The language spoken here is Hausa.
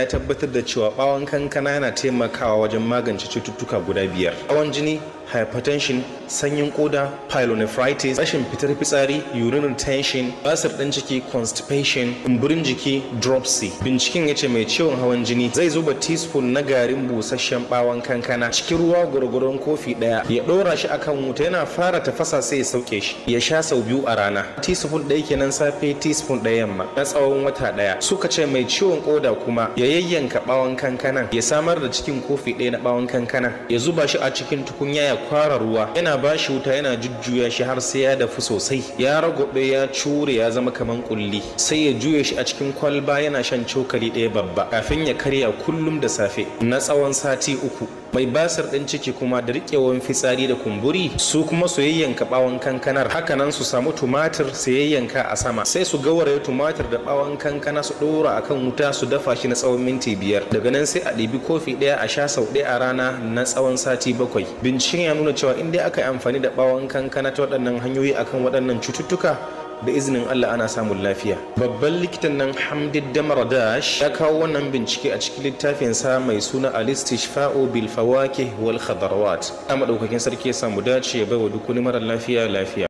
ya tabbatar da cewa bawon kankana yana taimakawa wajen magance cututtuka guda biyar bawon jini hypertension sanyin koda pyelonephritis rashin fitar fitsari urinary tension basar ɗan ciki constipation kumburin jiki dropsy binciken ya ce mai ciwon hawan jini zai zuba teaspoon na garin busasshen bawon kankana cikin ruwa gwargwaron kofi ɗaya ya ɗora shi akan wuta yana fara tafasa sai ya sauke shi ya sha sau biyu a rana teaspoon ɗaya kenan safe teaspoon ɗaya yamma na tsawon wata ɗaya suka ce mai ciwon koda kuma ya yayyanka bawon kankanan ya samar da cikin kofi ɗaya na bawon kankanan ya zuba shi a cikin tukunya ya kwara ruwa yana ba shi wuta yana jujjuya shi har sai ya dafu sosai ya ragwabe ya cure ya zama kaman kulli sai ya juye shi a cikin kwalba yana shan cokali ɗaya babba kafin ya karya kullum da safe na tsawon sati uku Mai basar ɗin ciki kuma da riƙewan fitsari da kumburi su kuma su yayyanka ɓawon kankanar hakanan su samu tumatir su yayyanka a sama sai su gawaraya tumatir da ɓawon kankana su ɗora akan wuta su dafa shi na tsawon minti biyar daga nan sai a ɗibi kofi ɗaya a sha sau ɗaya a rana na tsawon sati bakwai binciken ya nuna cewa in dai aka yi amfani da ɓawon kankana ta waɗannan hanyoyi akan waɗannan cututtuka da izinin Allah ana samun lafiya babban likitan nan Hamdi Damardash ya kawo wannan bincike a cikin littafinsa mai suna alistishfa'u istishfau bil Fawakih wal Khadarawat. sarki ya samu dace ya baiwa duk wani mara lafiya lafiya